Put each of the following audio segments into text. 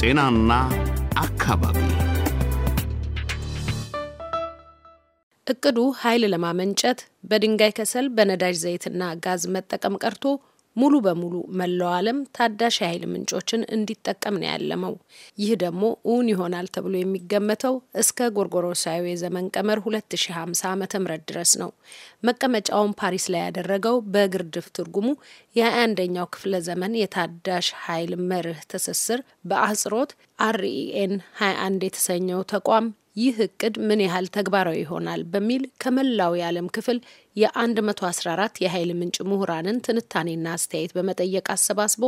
ጤናና አካባቢ እቅዱ ኃይል ለማመንጨት በድንጋይ ከሰል፣ በነዳጅ ዘይትና ጋዝ መጠቀም ቀርቶ ሙሉ በሙሉ መላው ዓለም ታዳሽ የኃይል ምንጮችን እንዲጠቀም ነው ያለመው። ይህ ደግሞ እውን ይሆናል ተብሎ የሚገመተው እስከ ጎርጎሮሳዊ የዘመን ቀመር 2050 ዓ ም ድረስ ነው። መቀመጫውን ፓሪስ ላይ ያደረገው በግርድፍ ትርጉሙ የ21ኛው ክፍለ ዘመን የታዳሽ ኃይል መርህ ትስስር በአህጽሮት አርኢኤን 21 የተሰኘው ተቋም ይህ እቅድ ምን ያህል ተግባራዊ ይሆናል በሚል ከመላው የዓለም ክፍል የ114 የኃይል ምንጭ ምሁራንን ትንታኔና አስተያየት በመጠየቅ አሰባስቦ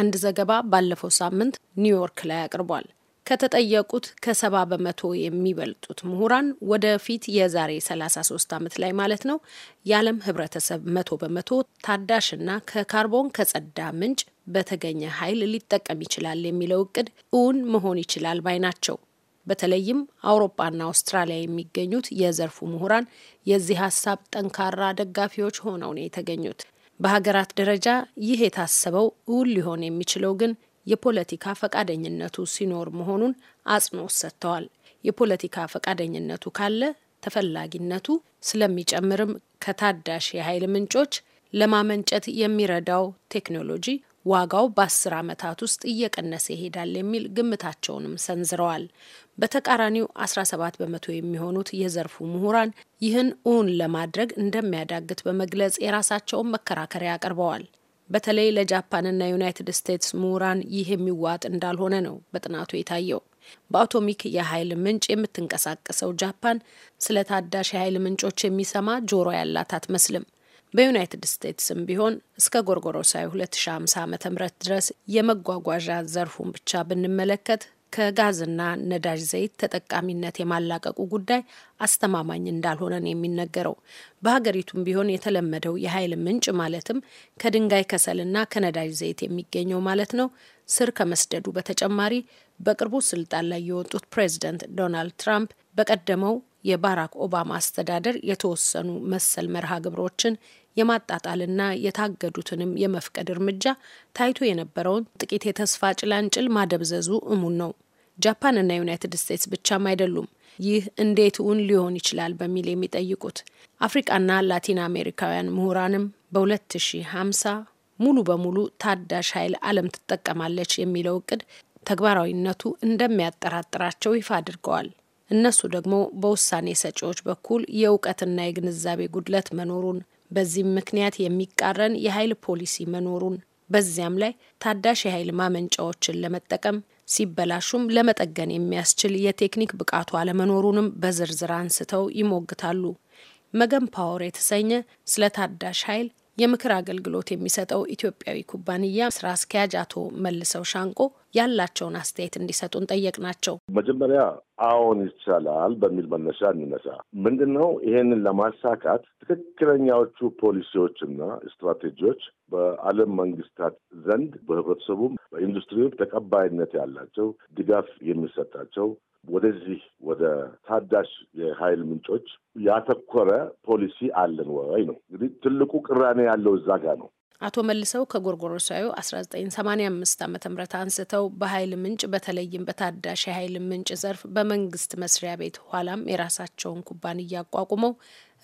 አንድ ዘገባ ባለፈው ሳምንት ኒውዮርክ ላይ አቅርቧል። ከተጠየቁት ከሰባ በመቶ የሚበልጡት ምሁራን ወደፊት የዛሬ 33 ዓመት ላይ ማለት ነው የዓለም ህብረተሰብ መቶ በመቶ ታዳሽና ከካርቦን ከጸዳ ምንጭ በተገኘ ኃይል ሊጠቀም ይችላል የሚለው እቅድ እውን መሆን ይችላል ባይ ናቸው። በተለይም አውሮፓና አውስትራሊያ የሚገኙት የዘርፉ ምሁራን የዚህ ሀሳብ ጠንካራ ደጋፊዎች ሆነው ነው የተገኙት። በሀገራት ደረጃ ይህ የታሰበው እውን ሊሆን የሚችለው ግን የፖለቲካ ፈቃደኝነቱ ሲኖር መሆኑን አጽንኦት ሰጥተዋል። የፖለቲካ ፈቃደኝነቱ ካለ ተፈላጊነቱ ስለሚጨምርም ከታዳሽ የኃይል ምንጮች ለማመንጨት የሚረዳው ቴክኖሎጂ ዋጋው በአስር ዓመታት ውስጥ እየቀነሰ ይሄዳል የሚል ግምታቸውንም ሰንዝረዋል። በተቃራኒው 17 በመቶ የሚሆኑት የዘርፉ ምሁራን ይህን እውን ለማድረግ እንደሚያዳግት በመግለጽ የራሳቸውን መከራከሪያ አቅርበዋል። በተለይ ለጃፓንና ዩናይትድ ስቴትስ ምሁራን ይህ የሚዋጥ እንዳልሆነ ነው በጥናቱ የታየው። በአቶሚክ የኃይል ምንጭ የምትንቀሳቀሰው ጃፓን ስለ ታዳሽ የኃይል ምንጮች የሚሰማ ጆሮ ያላት አትመስልም። በዩናይትድ ስቴትስም ቢሆን እስከ ጎርጎሮሳዊ 2050 ዓ ም ድረስ የመጓጓዣ ዘርፉን ብቻ ብንመለከት ከጋዝና ነዳጅ ዘይት ተጠቃሚነት የማላቀቁ ጉዳይ አስተማማኝ እንዳልሆነ ነው የሚነገረው። በሀገሪቱም ቢሆን የተለመደው የኃይል ምንጭ ማለትም ከድንጋይ ከሰልና ከነዳጅ ዘይት የሚገኘው ማለት ነው ስር ከመስደዱ በተጨማሪ በቅርቡ ስልጣን ላይ የወጡት ፕሬዚደንት ዶናልድ ትራምፕ በቀደመው የባራክ ኦባማ አስተዳደር የተወሰኑ መሰል መርሃ ግብሮችን የማጣጣልና የታገዱትንም የመፍቀድ እርምጃ ታይቶ የነበረውን ጥቂት የተስፋ ጭላንጭል ማደብዘዙ እሙን ነው። ጃፓንና ዩናይትድ ስቴትስ ብቻም አይደሉም ይህ እንዴት እውን ሊሆን ይችላል በሚል የሚጠይቁት። አፍሪቃና ላቲን አሜሪካውያን ምሁራንም በ2050 ሙሉ በሙሉ ታዳሽ ኃይል ዓለም ትጠቀማለች የሚለው እቅድ ተግባራዊነቱ እንደሚያጠራጥራቸው ይፋ አድርገዋል። እነሱ ደግሞ በውሳኔ ሰጪዎች በኩል የእውቀትና የግንዛቤ ጉድለት መኖሩን በዚህም ምክንያት የሚቃረን የኃይል ፖሊሲ መኖሩን በዚያም ላይ ታዳሽ የኃይል ማመንጫዎችን ለመጠቀም ሲበላሹም ለመጠገን የሚያስችል የቴክኒክ ብቃቱ አለመኖሩንም በዝርዝር አንስተው ይሞግታሉ። መገን ፓወር የተሰኘ ስለ ታዳሽ ኃይል የምክር አገልግሎት የሚሰጠው ኢትዮጵያዊ ኩባንያ ስራ አስኪያጅ አቶ መልሰው ሻንቆ ያላቸውን አስተያየት እንዲሰጡን ጠየቅናቸው። መጀመሪያ አዎን ይቻላል በሚል መነሻ እንነሳ። ምንድን ነው ይሄንን ለማሳካት ትክክለኛዎቹ ፖሊሲዎችና ስትራቴጂዎች በዓለም መንግስታት ዘንድ በህብረተሰቡም በኢንዱስትሪውም ተቀባይነት ያላቸው ድጋፍ የሚሰጣቸው ወደዚህ ወደ ታዳሽ የኃይል ምንጮች ያተኮረ ፖሊሲ አለን ወይ ነው እንግዲህ ትልቁ ቅራኔ ያለው እዛ ጋር ነው። አቶ መልሰው ከጎርጎሮሳዊ 1985 ዓ ም አንስተው በኃይል ምንጭ በተለይም በታዳሽ የኃይል ምንጭ ዘርፍ በመንግስት መስሪያ ቤት ኋላም የራሳቸውን ኩባንያ አቋቁመው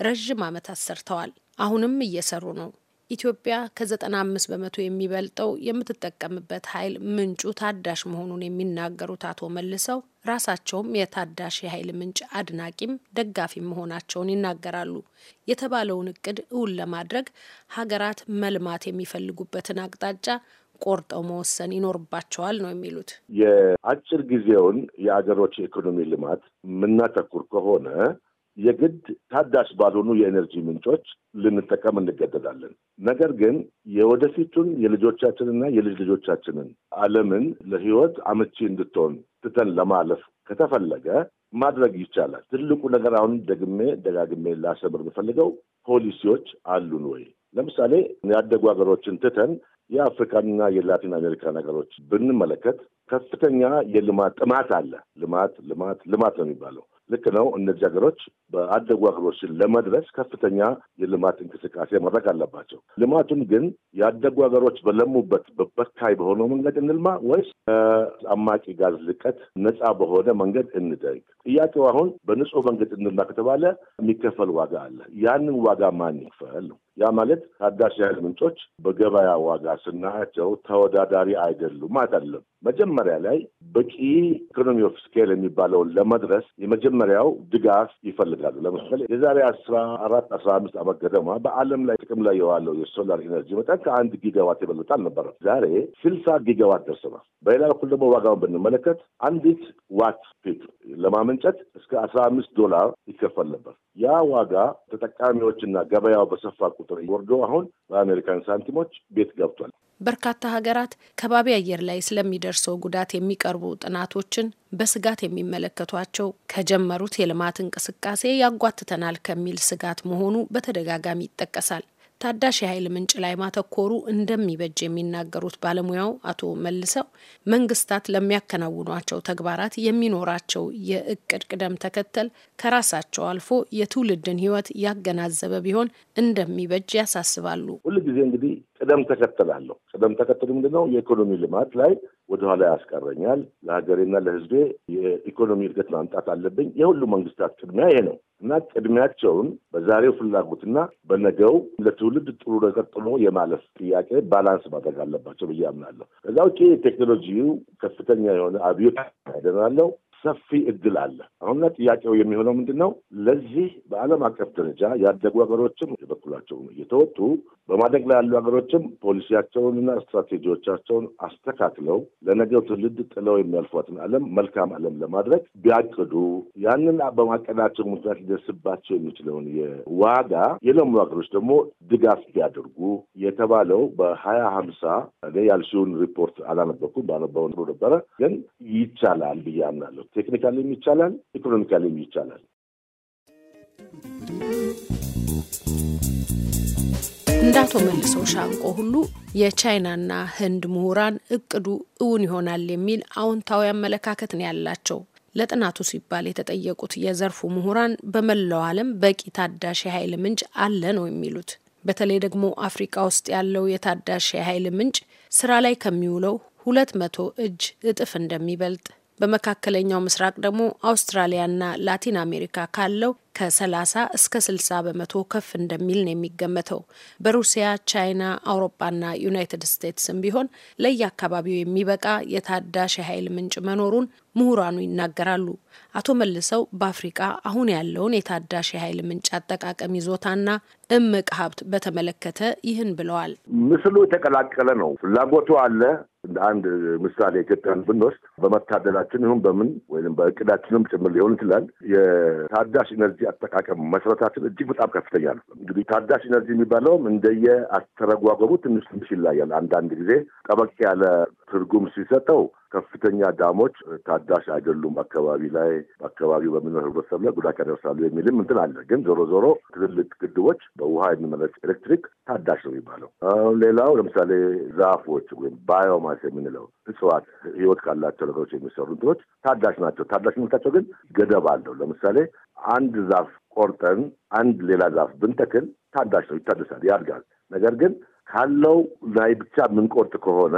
ረዥም ዓመታት ሰርተዋል። አሁንም እየሰሩ ነው። ኢትዮጵያ ከ95 በመቶ የሚበልጠው የምትጠቀምበት ኃይል ምንጩ ታዳሽ መሆኑን የሚናገሩት አቶ መልሰው ራሳቸውም የታዳሽ የኃይል ምንጭ አድናቂም ደጋፊም መሆናቸውን ይናገራሉ። የተባለውን እቅድ እውን ለማድረግ ሀገራት መልማት የሚፈልጉበትን አቅጣጫ ቆርጠው መወሰን ይኖርባቸዋል ነው የሚሉት። የአጭር ጊዜውን የአገሮች የኢኮኖሚ ልማት የምናተኩር ከሆነ የግድ ታዳሽ ባልሆኑ የኤነርጂ ምንጮች ልንጠቀም እንገደዳለን። ነገር ግን የወደፊቱን የልጆቻችንና የልጅ ልጆቻችንን ዓለምን ለሕይወት አመቺ እንድትሆን ትተን ለማለፍ ከተፈለገ ማድረግ ይቻላል። ትልቁ ነገር አሁን ደግሜ ደጋግሜ ላሰምር የምፈልገው ፖሊሲዎች አሉን ወይ? ለምሳሌ ያደጉ ሀገሮችን ትተን የአፍሪካንና የላቲን አሜሪካን ሀገሮች ብንመለከት ከፍተኛ የልማት ጥማት አለ። ልማት ልማት ልማት ነው የሚባለው። ልክ ነው። እነዚህ ሀገሮች በአደጉ ሀገሮችን ለመድረስ ከፍተኛ የልማት እንቅስቃሴ ማድረግ አለባቸው። ልማቱን ግን ያደጉ ሀገሮች በለሙበት በበካይ በሆነው መንገድ እንልማ ወይስ አማቂ ጋዝ ልቀት ነፃ በሆነ መንገድ እንደግ? ጥያቄው አሁን በንጹህ መንገድ እንልማ ከተባለ የሚከፈል ዋጋ አለ። ያንን ዋጋ ማን ይክፈል ነው። ያ ማለት ታዳሽ የኃይል ምንጮች በገበያ ዋጋ ስናያቸው ተወዳዳሪ አይደሉም አይደለም። መጀመሪያ ላይ በቂ ኢኮኖሚ ኦፍ ስኬል የሚባለውን ለመድረስ የመጀመሪያው ድጋፍ ይፈልጋሉ። ለምሳሌ የዛሬ አስራ አራት አስራ አምስት ዓመት ገደማ በዓለም ላይ ጥቅም ላይ የዋለው የሶላር ኢነርጂ መጠን ከአንድ ጊጋዋት የበለጠ አልነበረም። ዛሬ ስልሳ ጊጋዋት ደርሰናል። በሌላ በኩል ደግሞ ዋጋውን ብንመለከት አንዲት ዋት ፒክ ለማመንጨት እስከ አስራ አምስት ዶላር ይከፈል ነበር። ያ ዋጋ ተጠቃሚዎችና ገበያው በሰፋ ቁጥር ወርዶ አሁን በአሜሪካን ሳንቲሞች ቤት ገብቷል። በርካታ ሀገራት ከባቢ አየር ላይ ስለሚደርሰው ጉዳት የሚቀርቡ ጥናቶችን በስጋት የሚመለከቷቸው ከጀመሩት የልማት እንቅስቃሴ ያጓትተናል ከሚል ስጋት መሆኑ በተደጋጋሚ ይጠቀሳል። ታዳሽ የኃይል ምንጭ ላይ ማተኮሩ እንደሚበጅ የሚናገሩት ባለሙያው አቶ መልሰው መንግስታት ለሚያከናውኗቸው ተግባራት የሚኖራቸው የእቅድ ቅደም ተከተል ከራሳቸው አልፎ የትውልድን ህይወት ያገናዘበ ቢሆን እንደሚበጅ ያሳስባሉ። ሁልጊዜ እንግዲህ ቅደም ተከተል አለው። ቅደም ተከተሉ ነው? የኢኮኖሚ ልማት ላይ ወደኋላ ያስቀረኛል። ለሀገሬና ለሕዝቤ የኢኮኖሚ እድገት ማምጣት አለብኝ። የሁሉ መንግስታት ቅድሚያ ይሄ ነው እና ቅድሚያቸውን በዛሬው ፍላጎትና በነገው ለትውልድ ጥሩ ተቀጥሎ የማለፍ ጥያቄ ባላንስ ማድረግ አለባቸው ብዬ አምናለሁ። ከዛ ውጭ ቴክኖሎጂው ከፍተኛ የሆነ አብዮት ያደናለው ሰፊ እድል አለ። አሁን አሁንና ጥያቄው የሚሆነው ምንድን ነው? ለዚህ በዓለም አቀፍ ደረጃ ያደጉ ሀገሮችም የበኩላቸውን እየተወጡ በማደግ ላይ ያሉ ሀገሮችም ፖሊሲያቸውንና ስትራቴጂዎቻቸውን አስተካክለው ለነገው ትውልድ ጥለው የሚያልፏትን ዓለም መልካም ዓለም ለማድረግ ቢያቅዱ ያንን በማቀዳቸው ምክንያት ሊደርስባቸው የሚችለውን የዋጋ የለሙ ሀገሮች ደግሞ ድጋፍ ቢያደርጉ የተባለው በሀያ ሀምሳ እኔ ያልሽውን ሪፖርት አላነበኩም ባነበው ነበረ ግን ይቻላል ብዬ አምናለሁ። ቴክኒካሊም ይቻላል፣ ኢኮኖሚካሊም ይቻላል። እንዳቶ መልሶ ሻንቆ ሁሉ የቻይናና ህንድ ምሁራን እቅዱ እውን ይሆናል የሚል አዎንታዊ አመለካከት ነው ያላቸው። ለጥናቱ ሲባል የተጠየቁት የዘርፉ ምሁራን በመላው ዓለም በቂ ታዳሽ የኃይል ምንጭ አለ ነው የሚሉት። በተለይ ደግሞ አፍሪካ ውስጥ ያለው የታዳሽ የኃይል ምንጭ ስራ ላይ ከሚውለው ሁለት መቶ እጅ እጥፍ እንደሚበልጥ በመካከለኛው ምስራቅ ደግሞ አውስትራሊያና ላቲን አሜሪካ ካለው ከ30 እስከ 60 በመቶ ከፍ እንደሚል ነው የሚገመተው። በሩሲያ ቻይና፣ አውሮፓና ዩናይትድ ስቴትስም ቢሆን ለየአካባቢው የሚበቃ የታዳሽ የኃይል ምንጭ መኖሩን ምሁራኑ ይናገራሉ። አቶ መልሰው በአፍሪቃ አሁን ያለውን የታዳሽ የኃይል ምንጭ አጠቃቀም ይዞታና እምቅ ሀብት በተመለከተ ይህን ብለዋል። ምስሉ የተቀላቀለ ነው። ፍላጎቱ አለ። እንደ አንድ ምሳሌ ኢትዮጵያን ብንወስድ በመታደላችን ይሁን በምን ወይም በእቅዳችንም ጭምር ሊሆን ይችላል የታዳሽ ኢነርጂ ኢነርጂ አጠቃቀም መሰረታችን እጅግ በጣም ከፍተኛ ነው። እንግዲህ ታዳሽ ኢነርጂ የሚባለውም እንደየ አስተረጓጎቡ ትንሽ ትንሽ ይለያል። አንዳንድ ጊዜ ጠበቅ ያለ ትርጉም ሲሰጠው ከፍተኛ ዳሞች ታዳሽ አይደሉም፣ አካባቢ ላይ አካባቢው በሚኖር ህብረተሰብ ላይ ጉዳት ያደርሳሉ የሚልም እንትን አለ። ግን ዞሮ ዞሮ ትልልቅ ግድቦች በውሃ የሚመነጭ ኤሌክትሪክ ታዳሽ ነው የሚባለው። ሌላው ለምሳሌ ዛፎች ወይም ባዮማስ የምንለው እጽዋት ህይወት ካላቸው ነገሮች የሚሰሩ እንትኖች ታዳሽ ናቸው። ታዳሽነታቸው ግን ገደብ አለው። ለምሳሌ አንድ ዛፍ ቆርጠን አንድ ሌላ ዛፍ ብንተክል ታዳሽ ነው፣ ይታደሳል፣ ያድጋል። ነገር ግን ካለው ላይ ብቻ የምንቆርጥ ከሆነ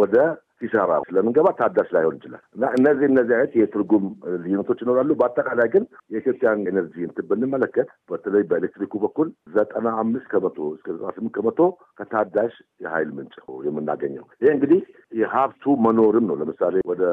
ወደ ሲሰራ ስለምንገባ ታዳሽ ላይሆን ይችላል እና እነዚህ እነዚህ አይነት የትርጉም ልዩነቶች ይኖራሉ። በአጠቃላይ ግን የኢትዮጵያን ኤነርጂ ብንመለከት በተለይ በኤሌክትሪኩ በኩል ዘጠና አምስት ከመቶ እስከ ዘጠና ስምንት ከመቶ ከታዳሽ የሀይል ምንጭ የምናገኘው ይህ እንግዲህ የሀብቱ መኖርም ነው። ለምሳሌ ወደ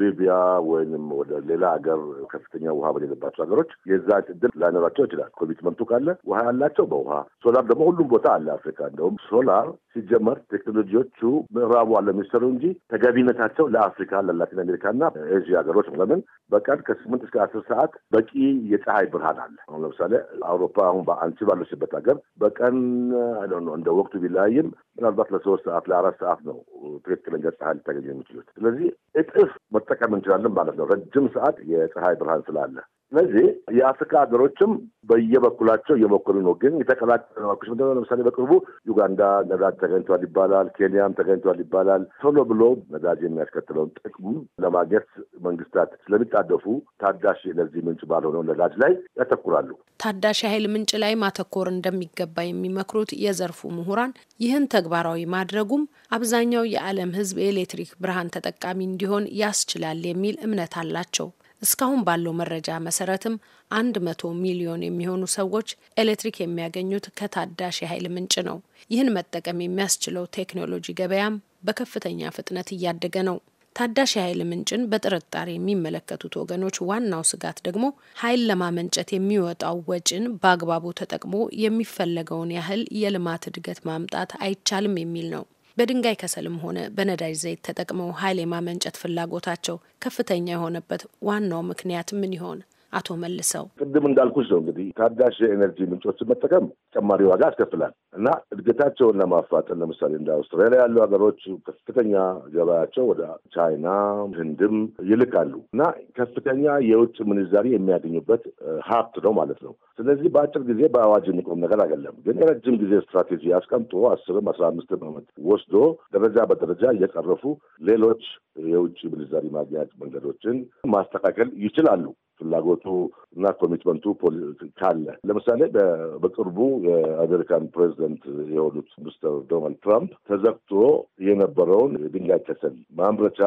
ሊቢያ ወይም ወደ ሌላ ሀገር ከፍተኛ ውሃ በሌለባቸው ሀገሮች የዛ እድል ላይኖራቸው ይችላል። ኮሚትመንቱ ካለ ውሃ ያላቸው በውሃ ሶላር ደግሞ ሁሉም ቦታ አለ። አፍሪካ እንደውም ሶላር ሲጀመር ቴክኖሎጂዎቹ ምዕራቡ አለ የሚሰሩ እንጂ ተገቢነታቸው ለአፍሪካ ለላቲን አሜሪካ አሜሪካና ኤዥያ ሀገሮች ለምን በቀን ከስምንት እስከ አስር ሰዓት በቂ የፀሐይ ብርሃን አለ። አሁን ለምሳሌ አውሮፓ አሁን በአንቺ ባለችበት ሀገር በቀን እንደ ወቅቱ ቢለያይም ምናልባት ለሶስት ሰዓት ለአራት ሰዓት ነው ትክክለኛ ፀሐይ ልታገኝ የሚችሉት። ስለዚህ እጥፍ መጠቀም እንችላለን ማለት ነው፣ ረጅም ሰዓት የፀሐይ ብርሃን ስላለ ስለዚህ የአፍሪካ ሀገሮችም በየበኩላቸው እየሞከሩ ነው። ግን የተቀላቀለ ነው። ለምሳሌ በቅርቡ ዩጋንዳ ነዳጅ ተገኝቷል ይባላል፣ ኬንያም ተገኝቷል ይባላል። ቶሎ ብሎ ነዳጅ የሚያስከትለውን ጥቅም ለማግኘት መንግስታት ስለሚጣደፉ ታዳሽ ለዚህ ምንጭ ባልሆነው ነዳጅ ላይ ያተኩራሉ። ታዳሽ የኃይል ምንጭ ላይ ማተኮር እንደሚገባ የሚመክሩት የዘርፉ ምሁራን ይህን ተግባራዊ ማድረጉም አብዛኛው የዓለም ሕዝብ የኤሌክትሪክ ብርሃን ተጠቃሚ እንዲሆን ያስችላል የሚል እምነት አላቸው። እስካሁን ባለው መረጃ መሰረትም አንድ መቶ ሚሊዮን የሚሆኑ ሰዎች ኤሌክትሪክ የሚያገኙት ከታዳሽ የኃይል ምንጭ ነው። ይህን መጠቀም የሚያስችለው ቴክኖሎጂ ገበያም በከፍተኛ ፍጥነት እያደገ ነው። ታዳሽ የኃይል ምንጭን በጥርጣሬ የሚመለከቱት ወገኖች ዋናው ስጋት ደግሞ ኃይል ለማመንጨት የሚወጣው ወጪን በአግባቡ ተጠቅሞ የሚፈለገውን ያህል የልማት እድገት ማምጣት አይቻልም የሚል ነው። በድንጋይ ከሰልም ሆነ በነዳጅ ዘይት ተጠቅመው ኃይል የማመንጨት ፍላጎታቸው ከፍተኛ የሆነበት ዋናው ምክንያት ምን ይሆን? አቶ መልሰው ቅድም እንዳልኩች ነው እንግዲህ ታዳሽ የኤነርጂ ምንጮችን መጠቀም ተጨማሪ ዋጋ ያስከፍላል እና እድገታቸውን ለማፋጠን ለምሳሌ እንደ አውስትራሊያ ያሉ ሀገሮች ከፍተኛ ገበያቸው ወደ ቻይና፣ ህንድም ይልካሉ እና ከፍተኛ የውጭ ምንዛሪ የሚያገኙበት ሀብት ነው ማለት ነው። ስለዚህ በአጭር ጊዜ በአዋጅ የሚቆም ነገር አይደለም። ግን የረጅም ጊዜ ስትራቴጂ አስቀምጦ አስርም አስራ አምስትም ዓመት ወስዶ ደረጃ በደረጃ እየቀረፉ ሌሎች የውጭ ምንዛሪ ማግኘት መንገዶችን ማስተካከል ይችላሉ። Pues, la goto እና ኮሚትመንቱ ካለ ለምሳሌ በቅርቡ የአሜሪካን ፕሬዚደንት የሆኑት ሚስተር ዶናልድ ትራምፕ ተዘግቶ የነበረውን የድንጋይ ከሰል ማምረቻ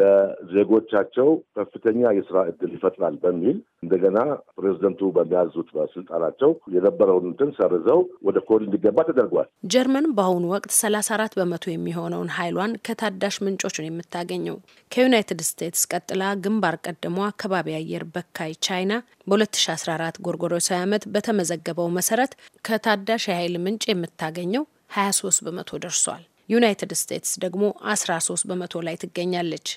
ለዜጎቻቸው ከፍተኛ የስራ እድል ይፈጥራል በሚል እንደገና ፕሬዚደንቱ በሚያዙት በስልጣናቸው የነበረውን እንትን ሰርዘው ወደ ኮል እንዲገባ ተደርጓል። ጀርመን በአሁኑ ወቅት ሰላሳ አራት በመቶ የሚሆነውን ኃይሏን ከታዳሽ ምንጮች ነው የምታገኘው። ከዩናይትድ ስቴትስ ቀጥላ ግንባር ቀደሟ ከባቢ አየር በካይ ቻይና በ2014 ጎርጎሮሳዊ ዓመት በተመዘገበው መሰረት ከታዳሽ የኃይል ምንጭ የምታገኘው 23 በመቶ ደርሷል። ዩናይትድ ስቴትስ ደግሞ 13 በመቶ ላይ ትገኛለች።